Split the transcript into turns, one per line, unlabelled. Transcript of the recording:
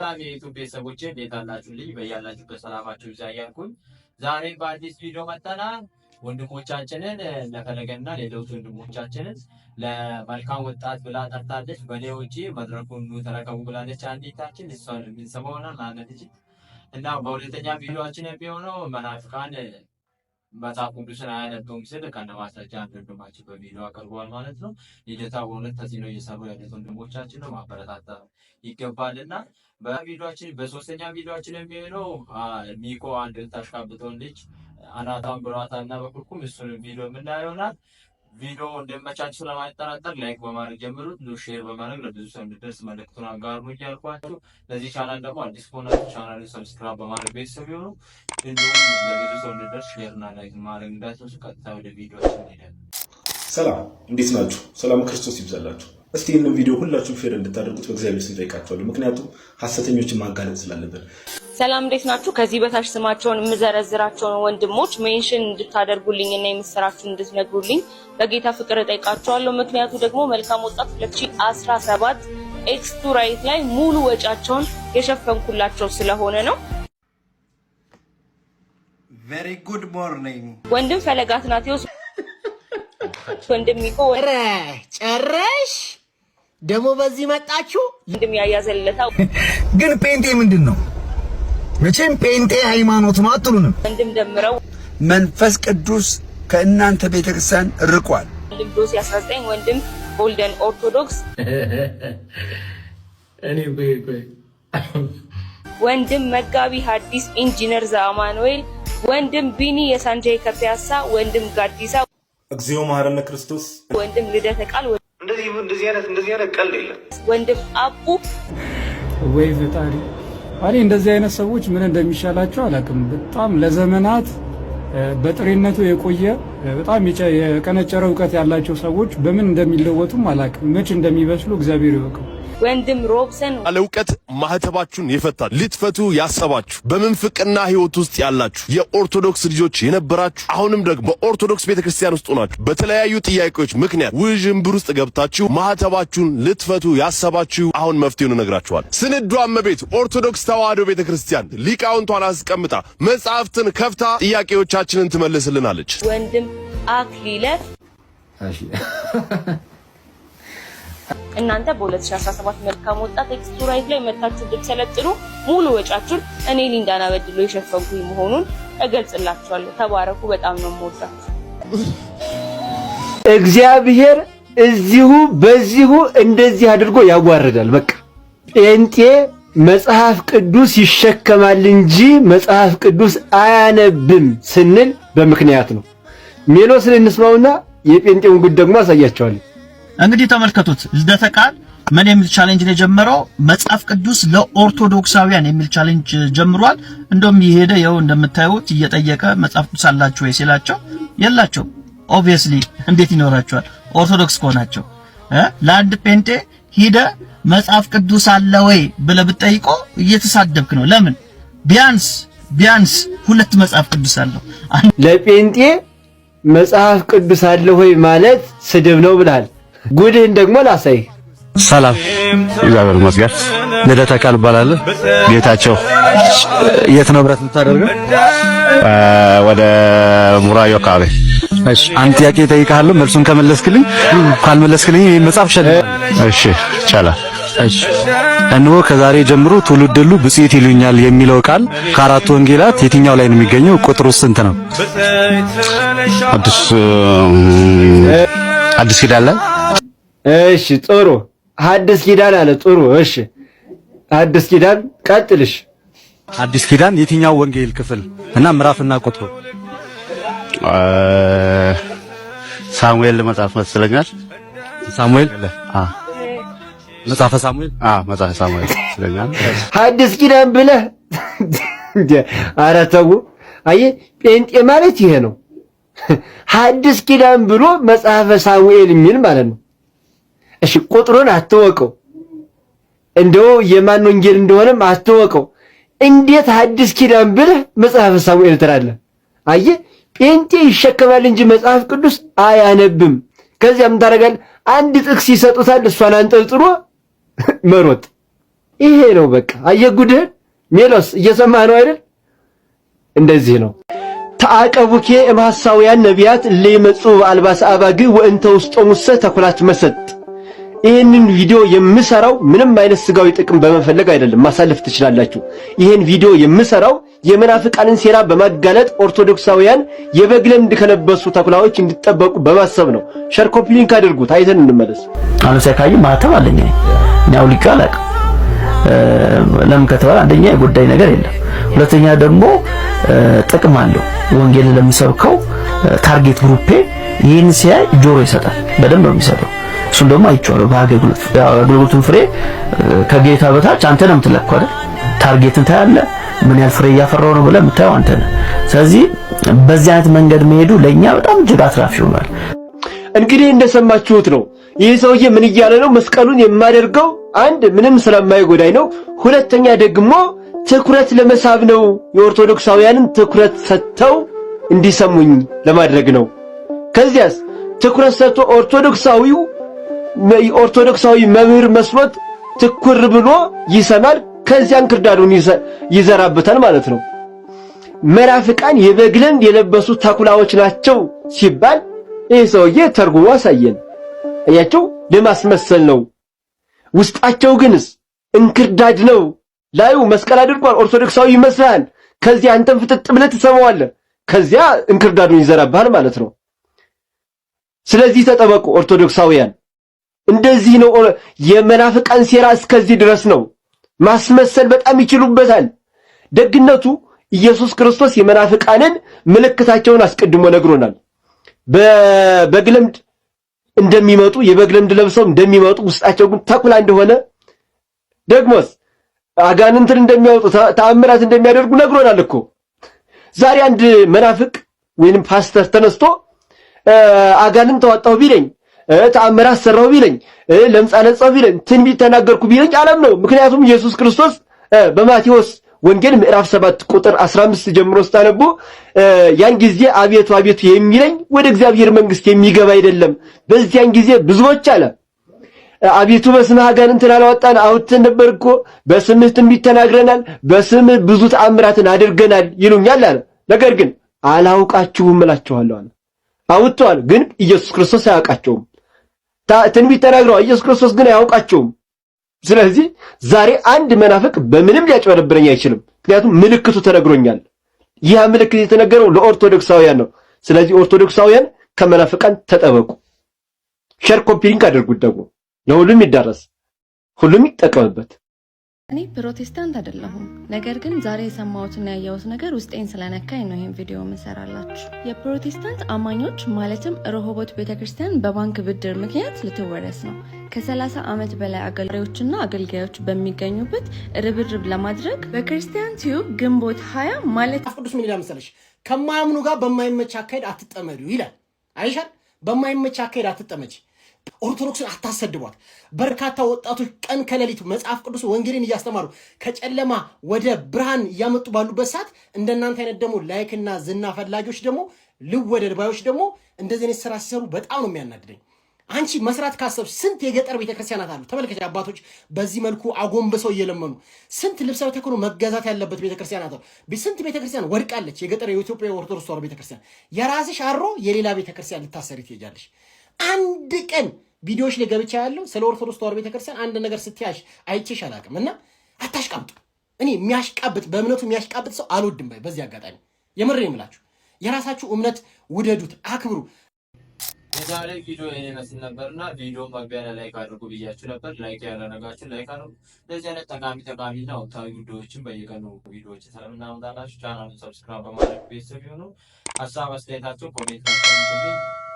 ሰላም የዩቱብ ቤተሰቦቼ እንዴት አላችሁልኝ? በያላችሁበት በሰላማችሁ ይብዛ እያልኩኝ ዛሬ በአዲስ ቪዲዮ መጥተናል። ወንድሞቻችንን ለፈለገና ሌሎች ወንድሞቻችንን ለመልካም ወጣት ብላ ጠርታለች። በኔ ውጪ መድረኩን ተረከቡ ብላለች። አንዲታችን እሷን የምንሰማውና ለአነት እና በሁለተኛ ቪዲዮችን የሚሆነው መናፍቃን መጽሐፍ ቅዱስን አያነበውም ሲል ከነ ማስረጃ ወንድማችን በቪዲዮ አቅርበዋል ማለት ነው። ልደታ በእውነት ተጽዕኖ እየሰሩ ያሉት ወንድሞቻችን ነው ማበረታታ ይገባል እና በቪዲዮችን በሶስተኛ ቪዲዮችን የሚሆነው ሚኮ አንድ ታሽካብተውን ልጅ አናቷን ብሯታል እና በኩልኩም እሱን ቪዲዮ የምናየውናል ቪዲዮ እንደመቻችሁ ስለማይጠራጠር ላይክ በማድረግ ጀምሩት፣ ሼር በማድረግ ለብዙ ሰው እንዲደርስ መልእክቱን አጋሩ እያልኳችሁ ለዚህ ቻናል ደግሞ አዲስ ከሆናችሁ ቻናል ሰብስክራይብ በማድረግ ቤተሰብ የሆኑ እንዲሁም ለብዙ ሰው እንዲደርስ ሼርና ላይክ ማድረግ እንዳትረሱ። ቀጥታ ወደ ቪዲዮችን ሄዳል።
ሰላም፣ እንዴት ናችሁ? ሰላም ክርስቶስ ይብዛላችሁ። እስቲ ይህንን ቪዲዮ ሁላችሁም ሼር እንድታደርጉት በእግዚአብሔር ስም ጠይቃችኋለሁ። ምክንያቱም ሀሰተኞችን ማጋለጥ ስላለብን
ሰላም እንዴት ናችሁ? ከዚህ በታች ስማቸውን የምዘረዝራቸውን ወንድሞች ሜንሽን እንድታደርጉልኝ እና የምስራችሁን እንድትነግሩልኝ በጌታ ፍቅር እጠይቃቸዋለሁ። ምክንያቱ ደግሞ መልካም ወጣት 2017 ኤክስቱ ራይት ላይ ሙሉ ወጫቸውን የሸፈንኩላቸው ስለሆነ ነው።
ቬሪ ጉድ ሞርኒንግ
ወንድም ፈለጋት ናቴዎስ፣ ወንድም ይቆ
ጨረሽ ደግሞ በዚህ መጣችሁ።
ወንድም ያያዘለታ
ግን ጴንጤ ምንድን ነው መቼም ጴንጤ ሃይማኖት ነው አትሉንም።
ደምረው
መንፈስ ቅዱስ ከእናንተ ቤተክርስቲያን ርቋል።
ልብዶስ 19 ወንድም ጎልደን ኦርቶዶክስ
እኔ
ወንድም መጋቢ ሐዲስ ኢንጂነር ዘአማኑኤል ወንድም ቢኒ የሳንጃይ ከፒያሳ ወንድም ጋዲሳ
እግዚኦ መሐረነ ክርስቶስ
ወንድም ልደተ ቃል
እንደዚህ እንደዚህ አይነት እንደዚህ አይነት ቀልድ የለም
ወንድም አቡ
ወይ ፈጣሪ እኔ እንደዚህ አይነት ሰዎች ምን እንደሚሻላቸው አላውቅም። በጣም ለዘመናት በጥሬነቱ የቆየ በጣም የቀነጨረ እውቀት ያላቸው ሰዎች በምን እንደሚለወጡም አላውቅም። መች እንደሚበስሉ እግዚአብሔር ይወቀው።
ወንድም ሮብሰን
ነው። እውቀት ማህተባችሁን ይፈታል። ልትፈቱ ያሰባችሁ በምንፍቅና ህይወት ውስጥ ያላችሁ የኦርቶዶክስ ልጆች የነበራችሁ አሁንም ደግሞ በኦርቶዶክስ ቤተክርስቲያን ውስጥ ሆናችሁ በተለያዩ ጥያቄዎች ምክንያት ውዥንብር ውስጥ ገብታችሁ ማህተባችሁን ልትፈቱ ያሰባችሁ አሁን መፍትሄውን እነግራችኋል። ስንዱ እመቤት ኦርቶዶክስ ተዋህዶ ቤተክርስቲያን ሊቃውንቷን አስቀምጣ መጽሐፍትን ከፍታ ጥያቄዎቻችንን ትመልስልናለች።
ወንድም አክሊለ
እናንተ በ2017 መልካም ወጣት ኤክስቶራይት ላይ መታችሁ ብትሰለጥኑ ሙሉ ወጫችሁን እኔ ሊንዳና በድሎ የሸፈንኩኝ መሆኑን እገልጽላችኋለሁ። ተባረኩ። በጣም ነው የምወዳችሁ።
እግዚአብሔር እዚሁ በዚሁ እንደዚህ አድርጎ ያዋርዳል። በቃ ጴንጤ መጽሐፍ ቅዱስ ይሸከማል እንጂ መጽሐፍ ቅዱስ አያነብም ስንል በምክንያት ነው። ሜሎስን እንስማውና የጴንጤውን ጉድ ደግሞ አሳያቸዋለሁ።
እንግዲህ ተመልከቱት ልደተ ቃል ምን የሚል ቻሌንጅ ነው የጀመረው? መጽሐፍ ቅዱስ ለኦርቶዶክሳውያን የሚል ቻሌንጅ ጀምሯል። እንደውም የሄደ ይኸው እንደምታዩት እየጠየቀ መጽሐፍ ቅዱስ አላቸው ወይ ሲላቸው የላቸው። ኦብቪየስሊ እንዴት ይኖራቸዋል? ኦርቶዶክስ ከሆናቸው ለአንድ ጴንጤ ሂደ መጽሐፍ ቅዱስ አለ ወይ ብለህ ብትጠይቆ እየተሳደብክ ነው። ለምን? ቢያንስ ቢያንስ ሁለት መጽሐፍ ቅዱስ አለው።
ለጴንጤ መጽሐፍ ቅዱስ አለ ወይ ማለት ስድብ ነው ብላል? ጉድህን ደግሞ ላሳይ።
ሰላም እግዚአብሔር ይመስገን።
ልደተ ቃል እባላለሁ። ጌታቸው
የት ነው ብረት የምታደርገው?
ወደ ሙራዮ አካባቢ።
እሺ አንድ ጥያቄ እጠይቅሃለሁ፣ መልሱን ከመለስክልኝ። ካልመለስክልኝ ይሄን መጽሐፍ ሸል።
እሺ ይቻላል።
እሺ
እንሆ ከዛሬ ጀምሮ ትውልድ ሁሉ ብፅዕት ይሉኛል የሚለው ቃል ከአራቱ ወንጌላት የትኛው ላይ ነው የሚገኘው? ቁጥሩ ስንት ነው?
አዲስ
አዲስ ኪዳን ላይ
እሺ ጥሩ ሐዲስ ኪዳን አለ። ጥሩ እሺ፣ ሐዲስ ኪዳን ቀጥልሽ።
ሐዲስ ኪዳን የትኛው ወንጌል ክፍል እና ምዕራፍና ቁጥሩ?
ሳሙኤል መጽሐፍ መስለኛል።
ሳሙኤል አ መጽሐፈ ሳሙኤል አ መጽሐፈ ሳሙኤል መስለኛል።
ሐዲስ ኪዳን ብለህ ኧረ ተው። አየህ ጴንጤ ማለት ይሄ ነው። ሐዲስ ኪዳን ብሎ መጽሐፈ ሳሙኤል የሚል ማለት ነው። እሺ ቁጥሩን አትወቀው፣ እንደው የማን ወንጌል እንደሆነም አትወቀው። እንዴት አዲስ ኪዳን ብለህ መጽሐፈ ሳሙኤል ትላለህ? አየህ፣ ጴንጤ ይሸከማል እንጂ መጽሐፍ ቅዱስ አያነብም። ከዚያ ምን ታደርጋለህ? አንድ ጥቅስ ይሰጡታል፣ እሷን አንጠልጥሎ መሮጥ። ይሄ ነው በቃ። አየህ ጉድህን ሜሎስ፣ እየሰማህ ነው አይደል? እንደዚህ ነው። ተአቀቡኬ እምሐሳውያን ነቢያት ለይመጹ በአልባሰ አባግ ወእንተ ውስጦሙሰ ተኩላት መሰጥ ይህንን ቪዲዮ የምሰራው ምንም አይነት ስጋዊ ጥቅም በመፈለግ አይደለም። ማሳለፍ ትችላላችሁ። ይህን ቪዲዮ የምሰራው የመናፍቃንን ሴራ በማጋለጥ ኦርቶዶክሳውያን የበግ ለምድ ከለበሱ ተኩላዎች እንዲጠበቁ በማሰብ ነው። ሸር ኮፒ ሊንክ አድርጉት። አይተን እንመለስ።
አሁን አመሰካይ ማተብ አለኝ ነው ሊቃላቅ ለምን ከተባለ አንደኛ የጉዳይ ነገር የለም፣ ሁለተኛ ደግሞ ጥቅም አለው። ወንጌልን ለሚሰብከው ታርጌት ግሩፔ ይህን ሲያይ ጆሮ ይሰጣል። በደንብ ነው የሚሰጠው። እሱን ደግሞ አይቼዋለሁ። በአገልግሎት አገልግሎትን ፍሬ ከጌታ በታች አንተ ነው የምትለካው አይደል? ታርጌትን ምን ያህል ፍሬ እያፈራው ነው ብለህ የምታየው አንተ ነህ። ስለዚህ በዚህ አይነት መንገድ መሄዱ ለእኛ በጣም እጅግ አትራፊ ይሆናል።
እንግዲህ እንደሰማችሁት ነው። ይህ ሰውዬ ምን እያለ ነው? መስቀሉን የማደርገው አንድ ምንም ስለማይጎዳኝ ነው፣ ሁለተኛ ደግሞ ትኩረት ለመሳብ ነው። የኦርቶዶክሳውያንን ትኩረት ሰጥተው እንዲሰሙኝ ለማድረግ ነው። ከዚያስ ትኩረት ሰጥቶ ኦርቶዶክሳዊው ኦርቶዶክሳዊ መምህር መስሎት ትኩር ብሎ ይሰማል። ከዚያን ክርዳዱን ይዘራበታል ማለት ነው።
መናፍቃን የበግ ለምድ የለበሱ ተኩላዎች ናቸው ሲባል ይህ ሰውዬ ተርጉሞ አሳየን። እያቸው ለማስመሰል ነው። ውስጣቸው ግንስ እንክርዳድ ነው። ላዩ መስቀል አድርጓል። ኦርቶዶክሳዊ ይመስላል ከዚያ አንተም ፍጥጥ ብለህ ትሰማዋለህ። ከዚያ እንክርዳዱን ይዘራብሃል ማለት ነው።
ስለዚህ ተጠበቁ ኦርቶዶክሳውያን። እንደዚህ ነው። የመናፍቃን ሴራ እስከዚህ ድረስ ነው። ማስመሰል በጣም ይችሉበታል። ደግነቱ ኢየሱስ ክርስቶስ የመናፍቃንን ምልክታቸውን አስቀድሞ ነግሮናል። በግለምድ እንደሚመጡ የበግለምድ ለብሰው እንደሚመጡ ውስጣቸው ግን ተኩላ እንደሆነ ደግሞስ አጋንንትን እንደሚያወጡ ተአምራት እንደሚያደርጉ ነግሮናል እኮ። ዛሬ አንድ መናፍቅ ወይንም ፓስተር ተነስቶ አጋንንት ተዋጣሁ ቢለኝ ተአምራት ሰራው ቢለኝ ለምጻ ነጻው ቢለኝ ትንቢት ተናገርኩ ቢለኝ አለም ነው። ምክንያቱም ኢየሱስ ክርስቶስ በማቴዎስ ወንጌል ምዕራፍ 7 ቁጥር 15 ጀምሮ ስታነቡ ያን ጊዜ አቤቱ አቤቱ የሚለኝ ወደ እግዚአብሔር መንግስት የሚገባ አይደለም። በዚያን ጊዜ ብዙዎች አለ አቤቱ በስምህ አጋንንትን አላወጣን አውጥተን ነበር እኮ በስምህ ትንቢት ተናግረናል፣ በስምህ ብዙ ተአምራትን አድርገናል ይሉኛል አለ። ነገር ግን አላውቃችሁም እላችኋለሁ አለ። አውጥተዋል፣ ግን ኢየሱስ ክርስቶስ አያውቃቸውም። ትንቢት ተናግረዋል። ኢየሱስ ክርስቶስ ግን አያውቃቸውም። ስለዚህ ዛሬ አንድ መናፍቅ በምንም ሊያጭበረብረኝ አይችልም። ምክንያቱም ምልክቱ ተነግሮኛል። ይህ ምልክት የተነገረው ለኦርቶዶክሳውያን ነው። ስለዚህ ኦርቶዶክሳውያን ከመናፍቃን ተጠበቁ። ሸር ኮፒ ሊንክ አድርጉት ደግሞ ለሁሉም ይዳረስ፣ ሁሉም ይጠቀምበት።
እኔ ፕሮቴስታንት አይደለሁም። ነገር ግን ዛሬ የሰማሁትና ያየሁት ነገር ውስጤን ስለነካኝ ነው ይህን ቪዲዮ መሰራላችሁ። የፕሮቴስታንት አማኞች ማለትም ረሆቦት ቤተክርስቲያን በባንክ ብድር ምክንያት ልትወረስ ነው። ከ30 ዓመት በላይ አገልጋዮችና አገልጋዮች በሚገኙበት ርብርብ ለማድረግ በክርስቲያን ቲዩብ ግንቦት 20 ማለት
ቅዱስ ምን ይላል መሰለሽ? ከማያምኑ ጋር በማይመች አካሄድ አትጠመዱ ይላል። አይሻል በማይመች አካሄድ አትጠመች ኦርቶዶክስን አታሰድቧት። በርካታ ወጣቶች ቀን ከሌሊት መጽሐፍ ቅዱስ ወንጌልን እያስተማሩ ከጨለማ ወደ ብርሃን እያመጡ ባሉበት ሰዓት እንደናንተ አይነት ደግሞ ላይክና ዝና ፈላጊዎች ደግሞ ልወደድ ባዮች ደግሞ እንደዚህ አይነት ስራ ሲሰሩ በጣም ነው የሚያናድደኝ። አንቺ መስራት ካሰብ ስንት የገጠር ቤተክርስቲያናት አሉ። ተመልከች፣ አባቶች በዚህ መልኩ አጎንብሰው እየለመኑ ስንት ልብሰ ተክህኖ መገዛት ያለበት ቤተክርስቲያናት አሉ። ስንት ቤተክርስቲያን ወድቃለች። የገጠር የኢትዮጵያ ኦርቶዶክስ ተዋሕዶ ቤተክርስቲያን። የራስሽ አሮ የሌላ ቤተክርስቲያን ልታሰሪ ትሄጃለሽ። አንድ ቀን ቪዲዮዎች ላይ ገብቻ ያለው ስለ ኦርቶዶክስ ተዋሕዶ ቤተክርስቲያን አንድ ነገር ስትያሽ አይቼሽ አላውቅም። እና አታሽቃብጡ። እኔ የሚያሽቃብጥ በእምነቱ የሚያሽቃብጥ ሰው አልወድም። ባይ በዚህ አጋጣሚ የምር የምላችሁ የራሳችሁ እምነት ውደዱት፣ አክብሩ። የዛሬ ቪዲዮ ይህን ይመስል ነበር እና ቪዲዮ መግቢያ ላይክ አድርጉ ብያችሁ ነበር። ላይክ ያደረጋችሁ ላይክ አድርጉ። እንደዚህ አይነት ጠቃሚ ጠቃሚ ጠቃሚና ወቅታዊ ጉዳዮችን በየቀኑ ቪዲዮዎች ስለምናመጣላችሁ ቻናሉን ሰብስክራይብ በማድረግ ቤተሰብ የሆኑ ሀሳብ አስተያየታቸው ኮሜንት